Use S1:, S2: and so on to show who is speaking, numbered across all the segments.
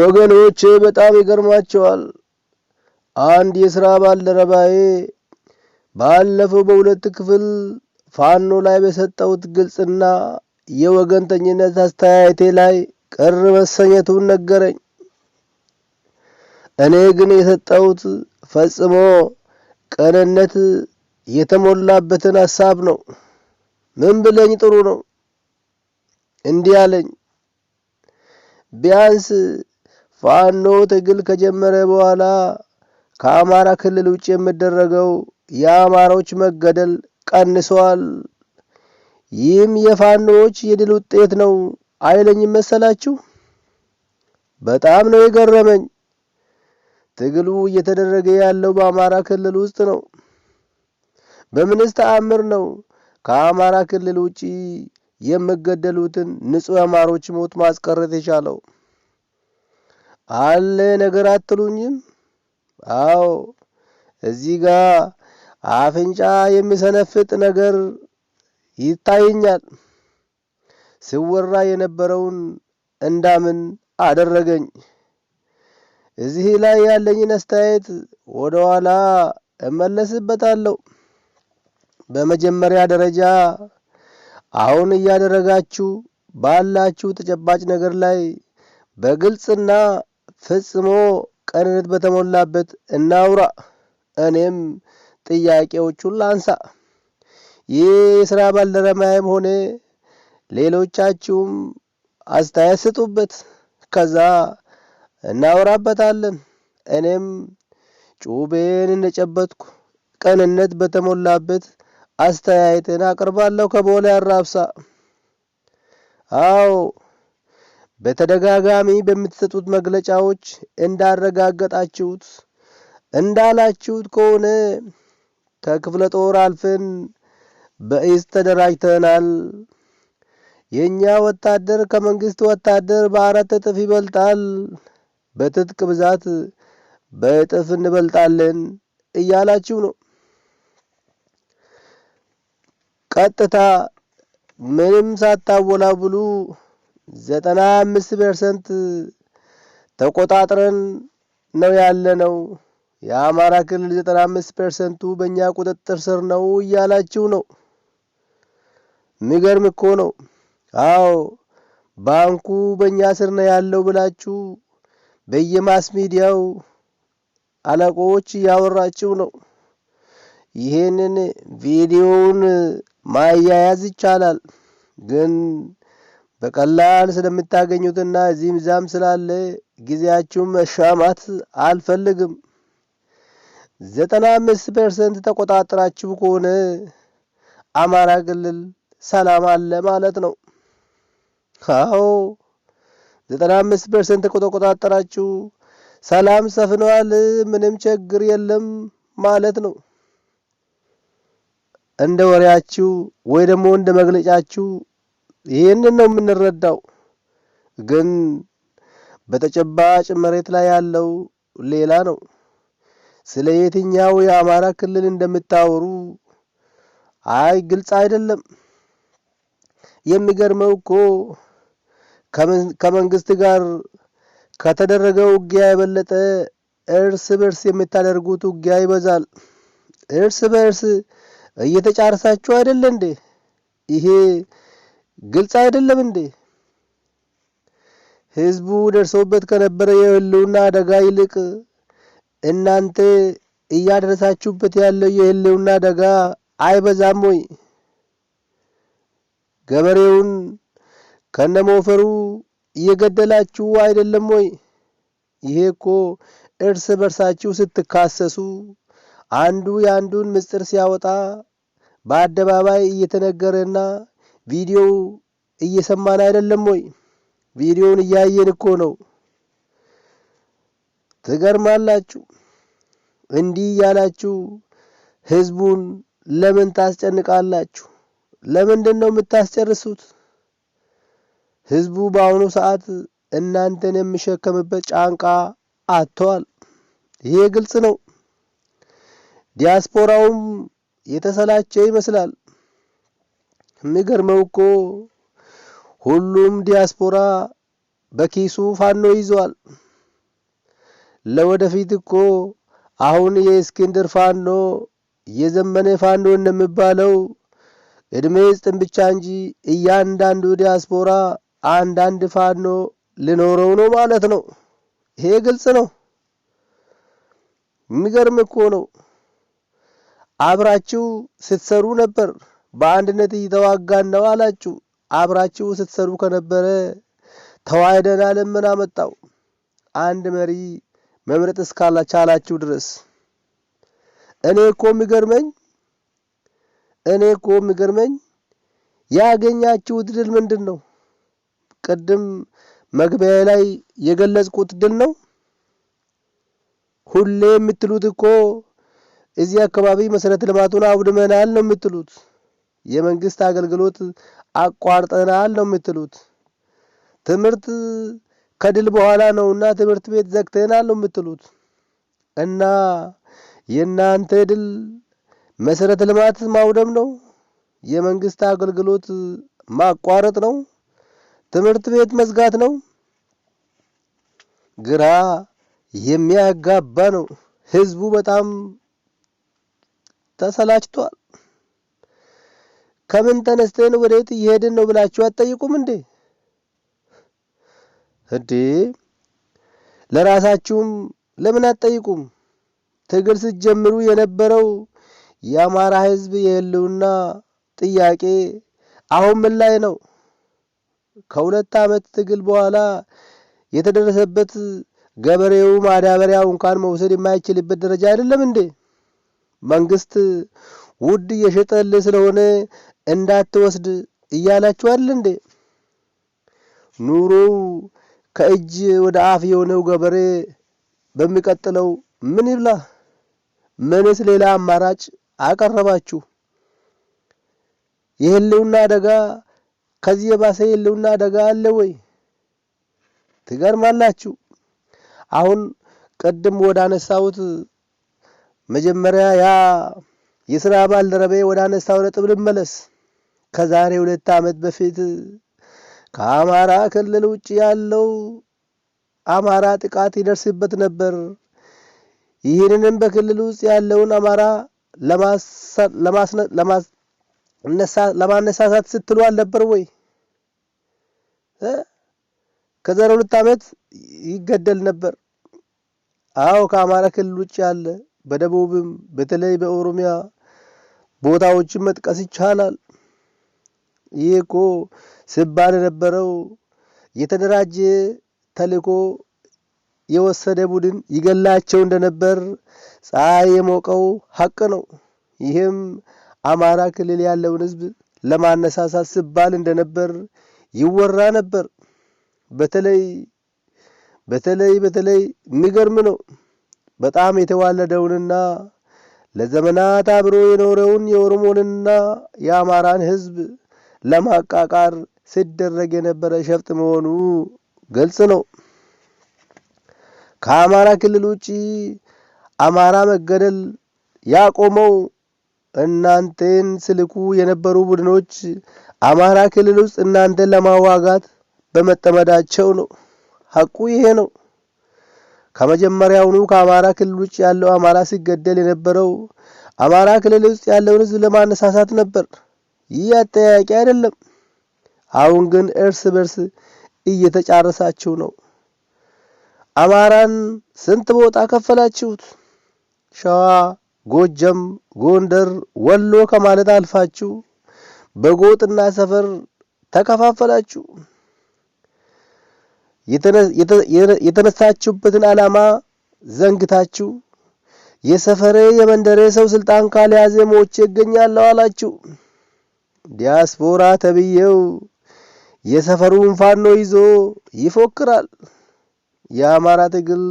S1: ወገኖች በጣም ይገርማቸዋል። አንድ የስራ ባልደረባዬ ባለፈው በሁለት ክፍል ፋኖ ላይ በሰጠሁት ግልጽና የወገንተኝነት አስተያየቴ ላይ ቅር መሰኘቱን ነገረኝ። እኔ ግን የሰጠሁት ፈጽሞ ቀንነት የተሞላበትን ሀሳብ ነው። ምን ብለኝ ጥሩ ነው? እንዲህ አለኝ ቢያንስ ፋኖ ትግል ከጀመረ በኋላ ከአማራ ክልል ውጭ የሚደረገው የአማራዎች መገደል ቀንሷል። ይህም የፋኖዎች የድል ውጤት ነው አይለኝም መሰላችሁ? በጣም ነው የገረመኝ። ትግሉ እየተደረገ ያለው በአማራ ክልል ውስጥ ነው። በምንስ ተአምር ነው ከአማራ ክልል ውጪ የሚገደሉትን ንጹህ አማሮች ሞት ማስቀረት የቻለው? አለ ነገር አትሉኝም? አዎ እዚህ ጋ አፍንጫ የሚሰነፍጥ ነገር ይታየኛል። ስወራ የነበረውን እንዳምን አደረገኝ። እዚህ ላይ ያለኝን አስተያየት ወደ ኋላ እመለስበታለሁ። በመጀመሪያ ደረጃ አሁን እያደረጋችሁ ባላችሁ ተጨባጭ ነገር ላይ በግልጽና ፈጽሞ ቀንነት በተሞላበት እናውራ። እኔም ጥያቄዎቹን ላንሳ። ይህ የሥራ ባልደረባዬም ሆነ ሌሎቻችሁም አስተያየት ስጡበት፣ ከዛ እናወራበታለን። እኔም ጩቤን እንደጨበጥኩ ቀንነት በተሞላበት አስተያየትን አቅርባለሁ። ከቦሌ አራብሳ። አዎ በተደጋጋሚ በምትሰጡት መግለጫዎች እንዳረጋገጣችሁት እንዳላችሁት ከሆነ ከክፍለ ጦር አልፈን በእዝ ተደራጅተናል። የእኛ ወታደር ከመንግስት ወታደር በአራት እጥፍ ይበልጣል። በትጥቅ ብዛት በእጥፍ እንበልጣለን እያላችሁ ነው። ቀጥታ ምንም ሳታወላብሉ ዘጠና አምስት ፐርሰንት ተቆጣጥረን ነው ነው። የአማራ ክልል ዘጠና አምስት ፐርሰንቱ በእኛ ቁጥጥር ስር ነው እያላችሁ ነው። የሚገርም እኮ ነው። አዎ ባንኩ በእኛ ስር ነው ያለው ብላችሁ በየማስ ሚዲያው አለቆች እያወራችሁ ነው። ይህንን ቪዲዮውን ማያያዝ ይቻላል ግን በቀላል ስለምታገኙትና እዚህም ዛም ስላለ ጊዜያችሁም መሻማት አልፈልግም። ዘጠና አምስት ፐርሰንት ተቆጣጥራችሁ ከሆነ አማራ ክልል ሰላም አለ ማለት ነው። አዎ ዘጠና አምስት ፐርሰንት ተቆጣጠራችሁ ሰላም ሰፍነዋል፣ ምንም ችግር የለም ማለት ነው። እንደ ወሬያችሁ ወይ ደግሞ እንደ መግለጫችሁ ይህንን ነው የምንረዳው። ግን በተጨባጭ መሬት ላይ ያለው ሌላ ነው። ስለ የትኛው የአማራ ክልል እንደምታወሩ አይ ግልጽ አይደለም። የሚገርመው እኮ ከመንግስት ጋር ከተደረገው ውጊያ የበለጠ እርስ በርስ የምታደርጉት ውጊያ ይበዛል። እርስ በርስ እየተጫርሳችሁ አይደለ እንዴ? ይሄ ግልጽ አይደለም እንዴ? ህዝቡ ደርሶበት ከነበረ የህልውና አደጋ ይልቅ እናንተ እያደረሳችሁበት ያለው የህልውና አደጋ አይበዛም ወይ? ገበሬውን ከነሞፈሩ እየገደላችሁ አይደለም ወይ? ይሄ እኮ እርስ በርሳችሁ ስትካሰሱ አንዱ የአንዱን ምስጢር ሲያወጣ በአደባባይ እየተነገረና ቪዲዮ እየሰማን አይደለም ወይ? ቪዲዮውን እያየን እኮ ነው። ትገርማላችሁ። እንዲህ እያላችሁ ህዝቡን ለምን ታስጨንቃላችሁ? ለምንድን ነው የምታስጨርሱት? ህዝቡ በአሁኑ ሰዓት እናንተን የሚሸከምበት ጫንቃ አጥተዋል። ይሄ ግልጽ ነው። ዲያስፖራውም የተሰላቸ ይመስላል። የሚገርመው እኮ ሁሉም ዲያስፖራ በኪሱ ፋኖ ይዟል። ለወደፊት እኮ አሁን የእስክንድር ፋኖ የዘመነ ፋኖ እንደሚባለው እድሜ ስጥን ብቻ እንጂ እያንዳንዱ ዲያስፖራ አንዳንድ ፋኖ ልኖረው ነው ማለት ነው። ይሄ ግልጽ ነው። የሚገርም እኮ ነው። አብራችሁ ስትሰሩ ነበር። በአንድነት እየተዋጋን ነው አላችሁ። አብራችሁ ስትሰሩ ከነበረ ተዋህደናል ምን አመጣው? አንድ መሪ መምረጥ እስካላቻላችሁ ድረስ እኔ እኮ የሚገርመኝ እኔ እኮ የሚገርመኝ ያገኛችሁት ድል ምንድን ነው? ቅድም መግቢያ ላይ የገለጽኩት ድል ነው። ሁሌ የምትሉት እኮ እዚህ አካባቢ መሰረተ ልማቱን አውድመናል ነው የምትሉት። የመንግስት አገልግሎት አቋርጠናል ነው የምትሉት። ትምህርት ከድል በኋላ ነውና ትምህርት ቤት ዘግተናል ነው የምትሉት። እና የእናንተ ድል መሰረተ ልማት ማውደም ነው፣ የመንግስት አገልግሎት ማቋረጥ ነው፣ ትምህርት ቤት መዝጋት ነው። ግራ የሚያጋባ ነው። ህዝቡ በጣም ተሰላችቷል። ከምን ተነስተን ወዴት እየሄድን ነው ብላችሁ አትጠይቁም እንዴ? እንዴ ለራሳችሁም ለምን አትጠይቁም? ትግል ስትጀምሩ የነበረው የአማራ ሕዝብ የህልውና ጥያቄ አሁን ምን ላይ ነው? ከሁለት ዓመት ትግል በኋላ የተደረሰበት ገበሬው ማዳበሪያው እንኳን መውሰድ የማይችልበት ደረጃ አይደለም እንዴ? መንግስት ውድ እየሸጠልህ ስለሆነ እንዳትወስድ እያላችኋል እንዴ? ኑሮው ከእጅ ወደ አፍ የሆነው ገበሬ በሚቀጥለው ምን ይብላ? ምንስ ሌላ አማራጭ አቀረባችሁ? የህልውና አደጋ ከዚህ የባሰ የህልውና አደጋ አለ ወይ? ትገርማላችሁ። አሁን ቅድም ወደ መጀመሪያ ያ የሥራ ባልደረባዬ ወደ አነሳው ነጥብ ልመለስ። ከዛሬ ሁለት ዓመት በፊት ከአማራ ክልል ውጭ ያለው አማራ ጥቃት ይደርስበት ነበር። ይህንንም በክልል ውስጥ ያለውን አማራ ለማነሳሳት ስትሉ አልነበር ወይ? ከዛሬ ሁለት ዓመት ይገደል ነበር። አዎ፣ ከአማራ ክልል ውጭ ያለ በደቡብም በተለይ በኦሮሚያ ቦታዎችን መጥቀስ ይቻላል። ይህ እኮ ሲባል የነበረው የተደራጀ ተልእኮ የወሰደ ቡድን ይገላቸው እንደነበር ፀሐይ የሞቀው ሀቅ ነው። ይህም አማራ ክልል ያለውን ሕዝብ ለማነሳሳት ሲባል እንደነበር ይወራ ነበር። በተለይ በተለይ በተለይ የሚገርም ነው በጣም የተዋለደውንና ለዘመናት አብሮ የኖረውን የኦሮሞንና የአማራን ሕዝብ ለማቃቃር ሲደረግ የነበረ ሸፍጥ መሆኑ ግልጽ ነው። ከአማራ ክልል ውጪ አማራ መገደል ያቆመው እናንተን ስልኩ የነበሩ ቡድኖች አማራ ክልል ውስጥ እናንተን ለማዋጋት በመጠመዳቸው ነው። ሐቁ ይሄ ነው። ከመጀመሪያውኑ ከአማራ ክልል ውጭ ያለው አማራ ሲገደል የነበረው አማራ ክልል ውስጥ ያለውን ህዝብ ለማነሳሳት ነበር። ይህ አጠያቂ አይደለም። አሁን ግን እርስ በርስ እየተጫረሳችሁ ነው። አማራን ስንት ቦታ ከፈላችሁት? ሸዋ፣ ጎጀም፣ ጎንደር፣ ወሎ ከማለት አልፋችሁ በጎጥና ሰፈር ተከፋፈላችሁ። የተነሳችሁበትን ዓላማ ዘንግታችሁ የሰፈሬ የመንደሬ ሰው ስልጣን ካልያዘ ሞቼ እገኛለሁ አላችሁ። ዲያስፖራ ተብዬው የሰፈሩን ፋኖ ይዞ ይፎክራል። የአማራ ትግል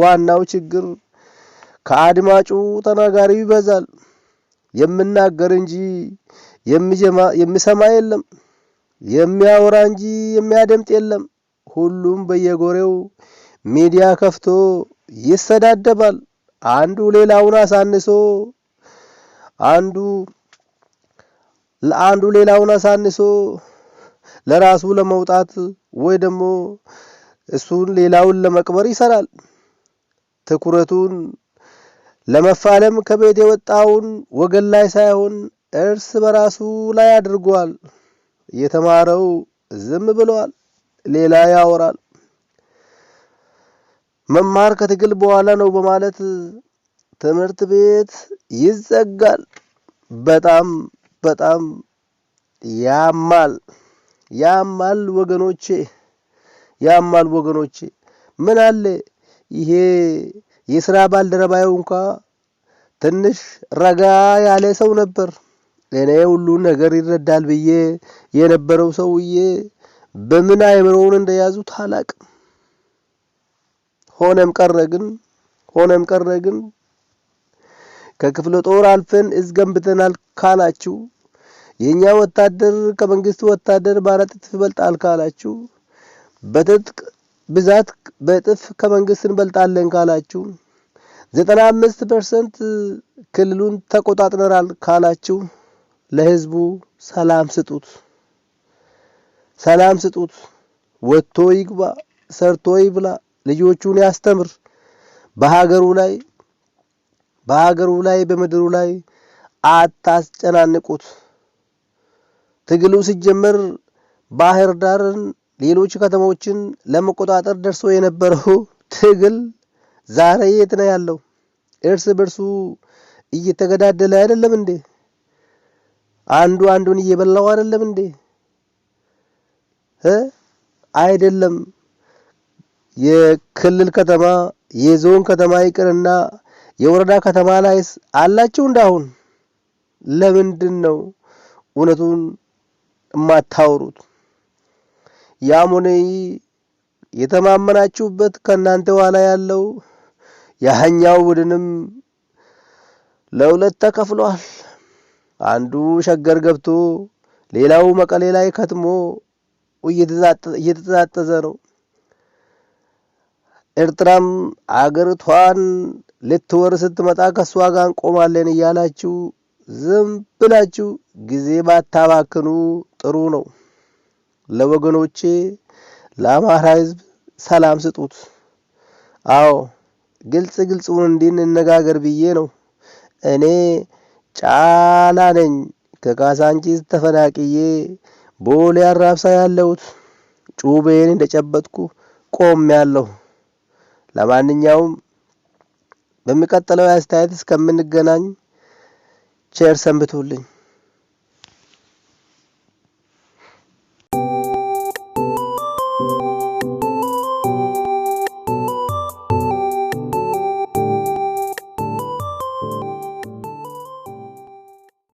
S1: ዋናው ችግር ከአድማጩ ተናጋሪው ይበዛል። የምናገር እንጂ የሚሰማ የለም፣ የሚያወራ እንጂ የሚያደምጥ የለም። ሁሉም በየጎሬው ሚዲያ ከፍቶ ይሰዳደባል። አንዱ ሌላውን አሳንሶ አንዱ ለአንዱ ሌላውን አሳንሶ ለራሱ ለመውጣት ወይ ደግሞ እሱን ሌላውን ለመቅበር ይሰራል። ትኩረቱን ለመፋለም ከቤት የወጣውን ወገን ላይ ሳይሆን እርስ በራሱ ላይ አድርጓል። የተማረው ዝም ብለዋል። ሌላ ያወራል። መማር ከትግል በኋላ ነው በማለት ትምህርት ቤት ይዘጋል። በጣም በጣም ያማል ያማል ወገኖቼ፣ ያማል ወገኖቼ። ምን አለ ይሄ የስራ ባልደረባዬ እንኳ ትንሽ ረጋ ያለ ሰው ነበር። እኔ ሁሉን ነገር ይረዳል ብዬ የነበረው ሰውዬ በምን አይምሮውን እንደያዙት አላቅም። ሆነም ቀረ ግን ሆነም ቀረ ግን ከክፍለ ጦር አልፈን እዝ ገንብተናል ካላችሁ የኛ ወታደር ከመንግስት ወታደር በአራት እጥፍ ይበልጣል ካላችሁ በትጥቅ ብዛት በእጥፍ ከመንግስት እንበልጣለን ካላችሁ ዘጠና አምስት ፐርሰንት ክልሉን ተቆጣጥነራል ካላችሁ ለህዝቡ ሰላም ስጡት። ሰላም ስጡት። ወጥቶ ይግባ፣ ሰርቶ ይብላ፣ ልጆቹን ያስተምር። በሀገሩ ላይ በሀገሩ ላይ በምድሩ ላይ አታስጨናንቁት። ትግሉ ሲጀመር ባህር ዳርን፣ ሌሎች ከተሞችን ለመቆጣጠር ደርሶ የነበረው ትግል ዛሬ የት ነው ያለው? እርስ በርሱ እየተገዳደለ አይደለም እንዴ? አንዱ አንዱን እየበላው አይደለም እንዴ? አይደለም የክልል ከተማ የዞን ከተማ ይቅርና የወረዳ ከተማ ላይስ አላችሁ እንዳሁን ለምንድን ነው እውነቱን የማታወሩት? ያም ሆነ የተማመናችሁበት ከእናንተ ኋላ ያለው ያኛው ቡድንም ለሁለት ተከፍሏል። አንዱ ሸገር ገብቶ ሌላው መቀሌ ላይ ከትሞ እየተዛጠዘ ነው። ኤርትራም አገሪቷን ልትወር ስትመጣ ከእሷ ጋር እንቆማለን እያላችሁ ዝም ብላችሁ ጊዜ ባታባክኑ ጥሩ ነው። ለወገኖቼ ለአማራ ሕዝብ ሰላም ስጡት። አዎ ግልጽ ግልጹን እንድንነጋገር ብዬ ነው። እኔ ጫላ ነኝ። ከካሳንቺስ ተፈናቅዬ ቦሌ አራብሳ ያለሁት ጩቤን እንደጨበጥኩ ቆም ያለሁ። ለማንኛውም በሚቀጥለው አስተያየት እስከምንገናኝ ቸር ሰንብቱልኝ።